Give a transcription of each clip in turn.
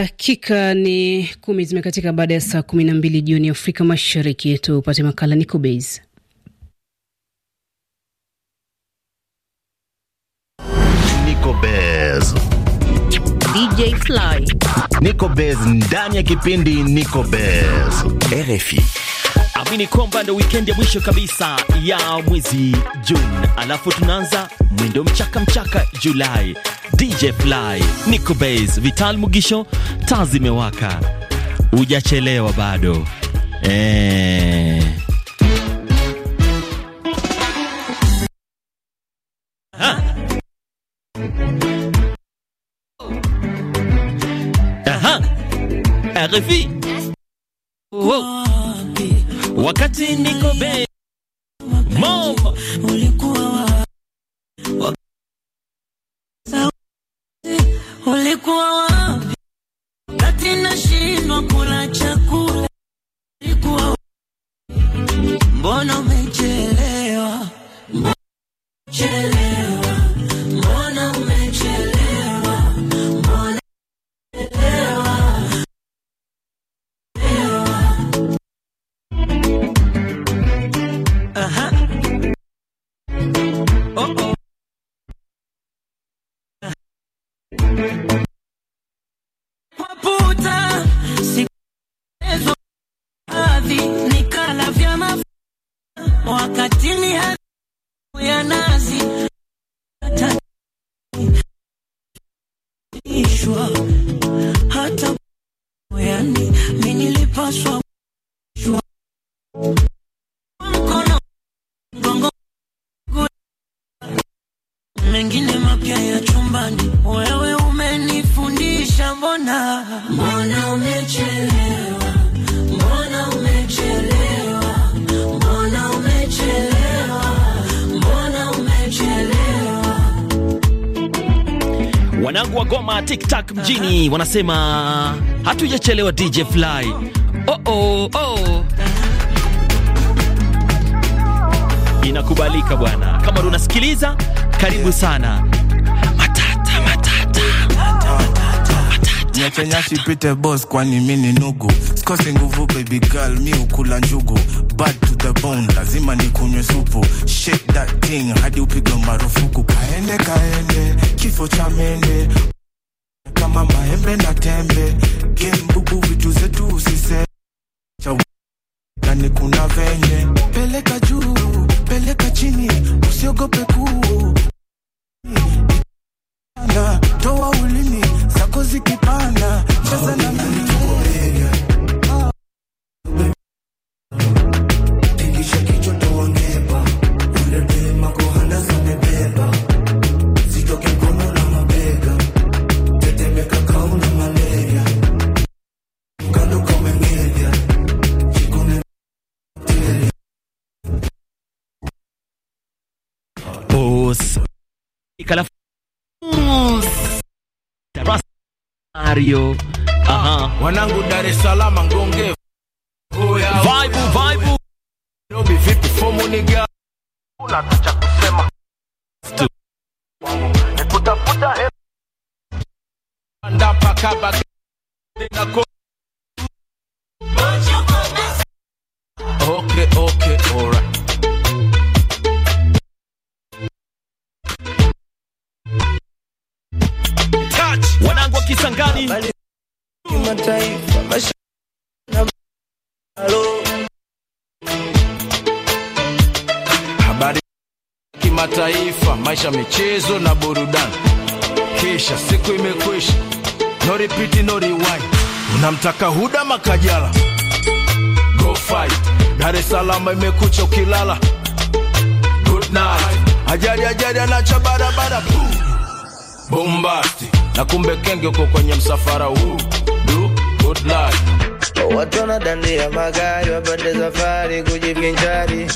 Dakika ni kumi zimekatika baada ya saa kumi na mbili jioni Afrika Mashariki. Tupate makala Niko Base. Niko Base. DJ Fly. Niko Base ndani ya kipindi Niko Base. RFI hii ni kwamba ndo wikendi ya mwisho kabisa ya mwezi Juni, alafu tunaanza mwendo mchaka mchaka Julai. DJ Fly, Nico Base, Vital Mugisho, taa zimewaka, hujachelewa bado eee. Eh. Aha. Eh. Aha. Eh, RFI wakati niko be mom ulikuwa wa ulikuwa wapi wakati shino kula chakula ulikuwa mbona umechelewa chelewa mengine mapya ya chumbani, wewe umenifundisha. Mbona mbona umechelewa, mbona umechelewa, mbona umechelewa, mbona umechelewa. Wanangu wa Goma tiktak mjini wanasema hatujachelewa DJ Fly. Oh, oh, oh. Inakubalika bwana, kama unasikiliza karibu sana matata, matata, Pite boss kwani mini nugu sikosi nguvu baby girl mi ukula njugu bad to the bone lazima nikunywe supu shake that thing hadi upigwe marufuku kaende kaende kifo cha mende kama maembe na tembe kembugu vitu zetu usise cha nani kuna venye peleka juu peleka chini, usiogope kuu toa ulimi zako zikipanda, cheza na mimi Mario. Aha. Wanangu Dar es Salaam ngonge. Vibe vibe. Robi vipi fomu ni gani? Una cha kusema. Nikutafuta hela. Ndapa kaba. Okay, okay. Kisangani habari kimataifa, maisha, michezo na burudani. Kisha siku imekwisha, no repeat, no rewind. Unamtaka Huda Makajala, go fight. Dar es Salaam imekucha ukilala, good night. Ajari, ajali, anacha barabara bombasti na kumbe kenge uko kwenye msafara huu du good luck Watu wanadandia magari wapande safari kujivinjari,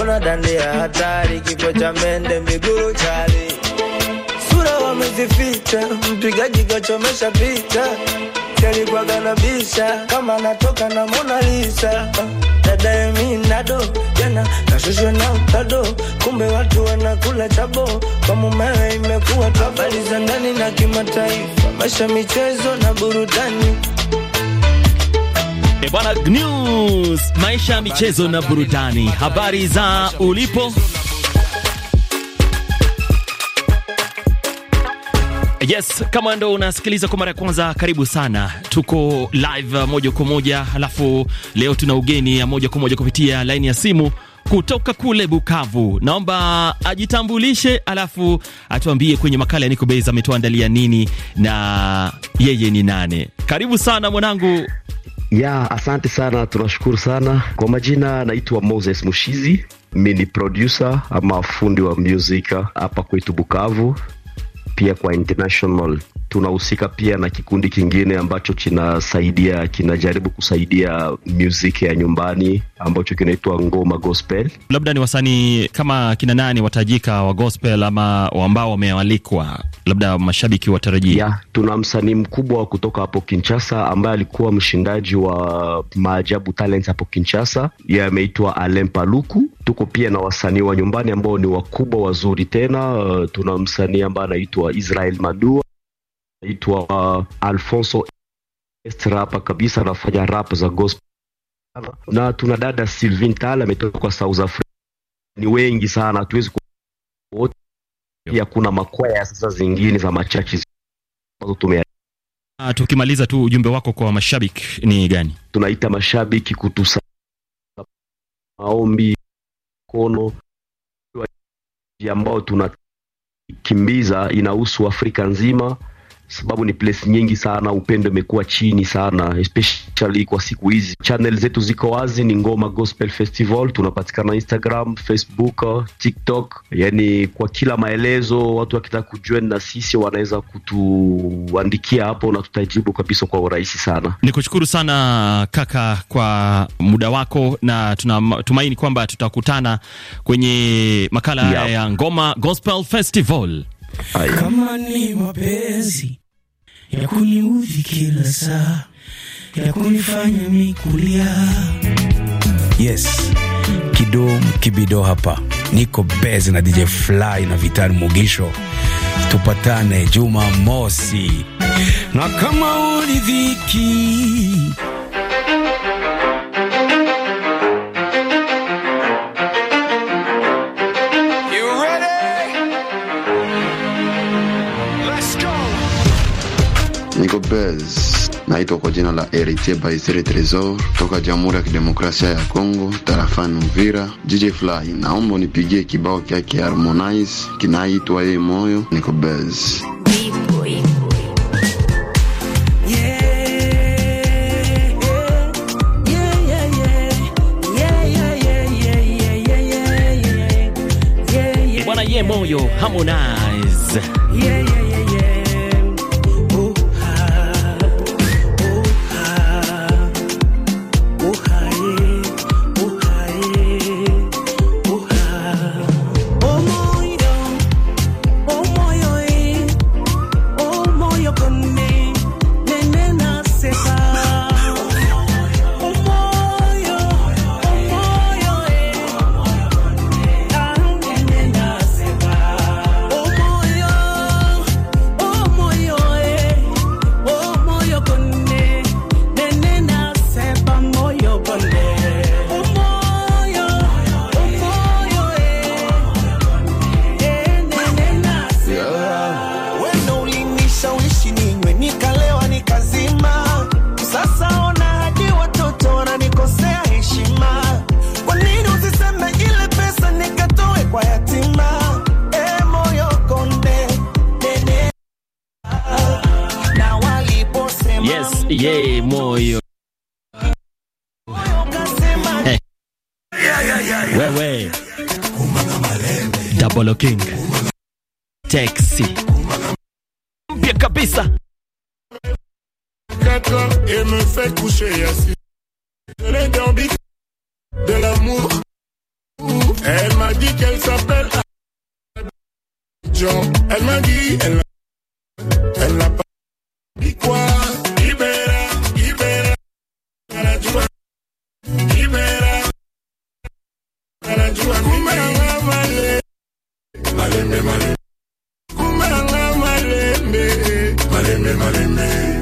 wanadandia hatari, kifo cha mende miguru chali, sura wamezificha, mpigaji kachomesha picha, kalikuwa kanabisha kama natoka na Mona Lisa baadaye mi nado jana nashushwa na utado, kumbe watu wanakula chabo kwa mumewe, imekuwa habari za ndani na kimataifa, maisha michezo na burudani. E bwana News, maisha michezo na burudani, habari za ulipo Yes, kama ndo unasikiliza kwa mara ya kwanza, karibu sana. Tuko live moja kwa moja, alafu leo tuna ugeni ya moja kwa moja kupitia laini ya simu kutoka kule Bukavu. Naomba ajitambulishe, alafu atuambie kwenye makala ya Niko Base ametuandalia nini na yeye ni nane. Karibu sana mwanangu. Ya, asante sana, tunashukuru sana kwa majina. Naitwa Moses Mushizi, mi ni producer ama fundi wa muziki hapa kwetu Bukavu pia kwa international tunahusika pia na kikundi kingine ambacho kinasaidia kinajaribu kusaidia muziki ya nyumbani ambacho kinaitwa Ngoma Gospel. Labda ni wasanii kama kina nani watajika wa gospel ama ambao wamealikwa, labda mashabiki watarajia? Tuna msanii mkubwa kutoka hapo Kinshasa ambaye alikuwa mshindaji wa Maajabu Talent hapo Kinshasa, yeye ameitwa Alain Paluku. Tuko pia na wasanii wa nyumbani ambao ni wakubwa wazuri tena. Tuna msanii ambaye anaitwa Israel Madua Naitwa uh, Alfonso Estrapa kabisa, anafanya rap za gospel, na tuna dada Sylvin Tal ametoka kwa South Africa. Ni wengi sana, hatuwezi wote. Pia kuna makwaya sasa zingine za machachi ambazo tume ah, tukimaliza tu, ujumbe wako kwa mashabiki ni gani? Tunaita mashabiki kutusa maombi kono ambao tunakimbiza, inahusu Afrika nzima sababu ni place nyingi sana, upendo imekuwa chini sana, especially kwa siku hizi. Channel zetu ziko wazi, ni Ngoma Gospel Festival. Tunapatikana Instagram, Facebook, TikTok, yani kwa kila maelezo. Watu wakitaka kujoin na sisi wanaweza kutuandikia hapo na tutajibu kabisa kwa urahisi sana. Ni kushukuru sana kaka kwa muda wako, na tunatumaini kwamba tutakutana kwenye makala yeah, ya Ngoma Gospel Festival. Aye. Kama ni mapenzi ya kuniudhi kila saa, ya kunifanya mikulia. Yes, Kido Kibido hapa niko bez na DJ Fly na Vitali Mugisho, tupatane Juma Mosi na kama ulidhiki Lopez. Naitwa kwa jina la Eritie Baisere Tresor toka Jamhuri ya Kidemokrasia ya Kongo, tarafani Uvira. DJ Fly, naomba unipigie kibao kyake Harmonize kinaitwa yeye moyo niko Bez. Bwana ye moyo Harmonize. Double King Taxi mpya kabisa et me fait coucher assis de l'amour elle m'a dit qu'elle s'appelle John elle m'a dit elle elle n'a pas dit quoi malembe malembe malembe malembe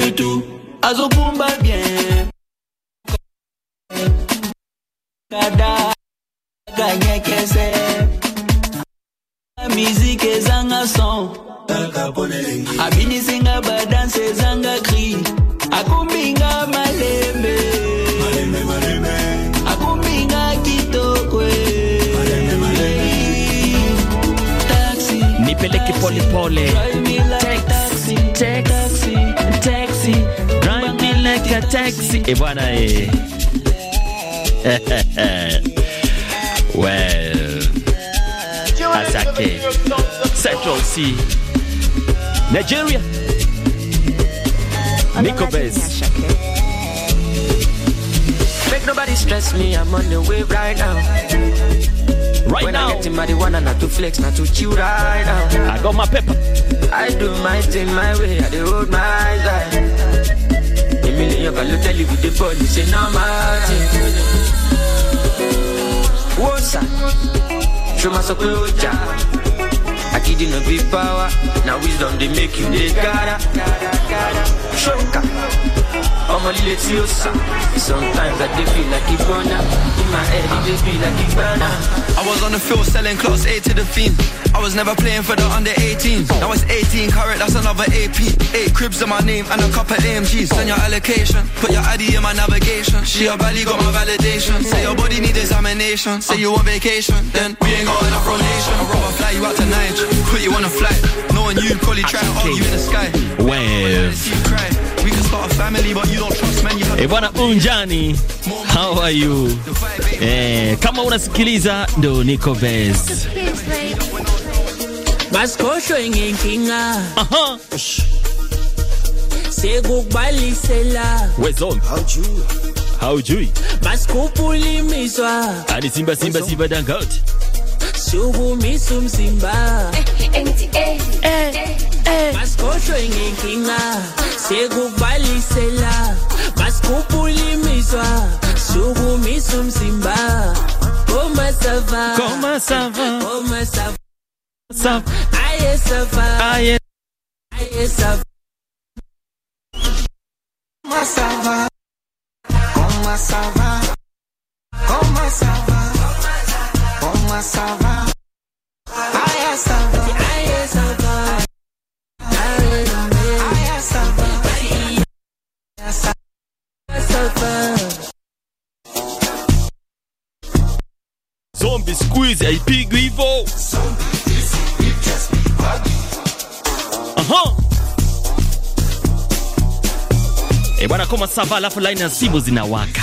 le tout. Azo bien. Kada kanyekese. Musique ezanga son. Abinisinga badance ezanga cri. Akumbinga Akumbinga Malembe malembe. Taxi. pole sexy e bwana e. well, Asake Central C Nigeria Nico Make nobody stress me, I'm on the wave right now. Right when now. I get in marijuana, not to flex, not to chew right now. I got my paper. I do my thing my way, I do hold my life million Got to tell you with the body Say normal Whoa, sir Show my soul, oh, ja Akidi no be power Now wisdom they make you the cara Shoka money Sometimes I just feel like it burner. In my head, it just be like it burner. I was on the field selling class A to the fiend. I was never playing for the under 18. Now it's 18 carat, that's another AP. Eight cribs in my name and a couple AMGs. Send your allocation, put your ID in my navigation. She a belly got my validation. Say your body need examination. Say you on vacation, then we ain't got enough rotation. I'd rather fly you out tonight. put you on a flight. Knowing you probably trying to argue in the sky. Wave. E bwana unjani, how are you? Eh, kama unasikiliza ndo niko bes baskosho yenye nkinga sekukubalisela wezon haujui basikupulimizwa ani simba simba simba dangout siukumisu mzimba eh, eh, eh, eh. eh. Mas em Baskoxo ingenkinga sekubalisela basikhuphula imizwa sukumisa umzimba komasava como komasava sava aye sava aye aye sava komasava komasava komasava komasava Squeeze, haipigwi hivyo. Aha. E bwana, koma sava, alafu laini ya simu zinawaka.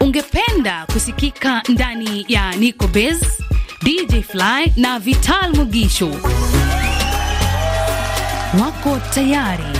Ungependa kusikika ndani ya Nico Bez, DJ Fly na Vital Mugisho wako tayari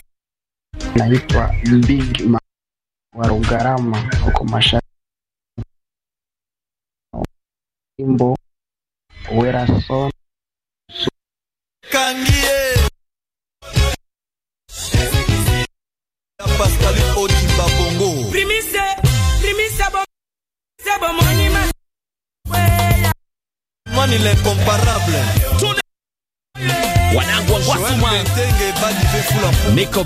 naitwa Big Ma wa Rugarama huko Mashariki, wimbo Werason Kangie Pascal Odimba Bongo Primise Primise l'incomparable Tout wanangu wa Gwasuma, Nico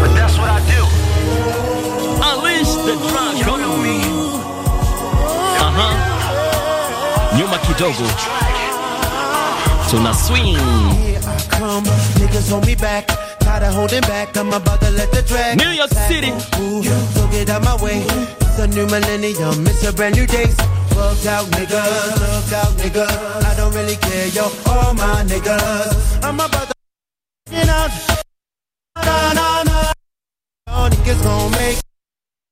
but that's what I do. Unleash the me. dragon. Aha. Nyuma kidogo. Tuna swing. Here I come. Niggas hold me back. Tired of holding back. I'm about to let the drag. New York City. Ooh, so get out my way. It's a new millennium. It's a brand new day bugged out niggas, bugged out niggas. I don't really care, yo, all my niggas. I'm about to nah, nah, nah. niggas gon' make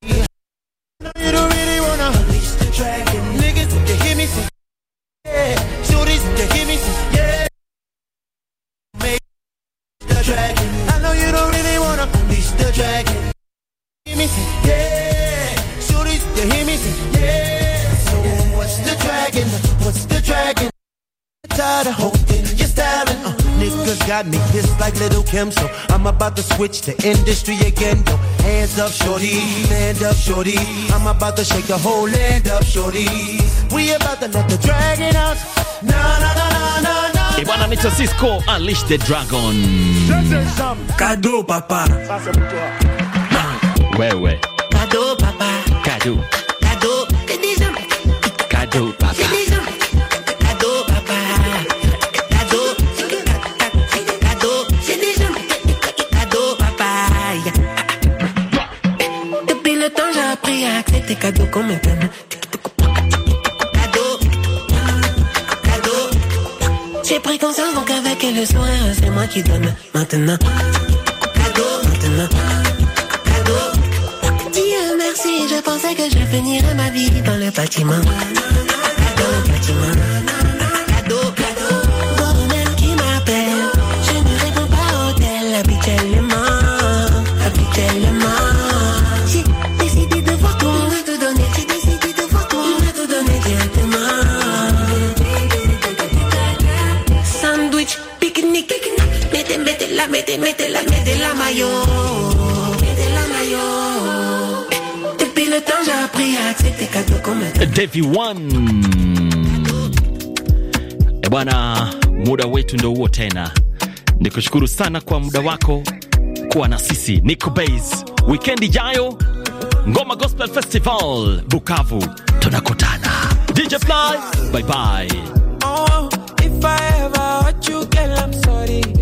you don't really wanna the dragon. Niggas, you hear me, yeah. you hear me, yeah. Make the dragon. I know you don't really wanna the dragon. Hear me, yeah. you hear me, yeah. So what's the dragon? What's the dragon? Tired of hope got me pissed like Little Kim, so I'm about to switch to industry again. Yo, hands up, shorty, stand up, shorty. I'm about to shake the whole land up, shorty. We about to let the dragon out. Na na na na na na. Et voilà, Mr. Cisco, unleash the dragon. Cadeau, papa. Ça, c'est pour Ouais, ouais. Cadeau, papa. Cadeau. cadeau comme Cadeau Cadeau J'ai pris conscience donc avec le soir c'est moi qui donne maintenant. Cadeau, maintenant. Cadeau. Dieu merci, je pensais que je finirais ma vie dans le bâtiment. Cadeau, bâtiment. Mete, mete la, mete la maillot. Mete la maillot. Depuis le temps, j'ai appris à accepter cadeaux comme un. Davy One. Eh bwana, muda wetu ndo huo tena. Nikushukuru sana kwa muda wako kuwa na sisi. Niko Base. Weekend ijayo Ngoma Gospel Festival Bukavu tunakutana. DJ Fly, bye bye. Oh, if I ever hurt you, girl, I'm sorry.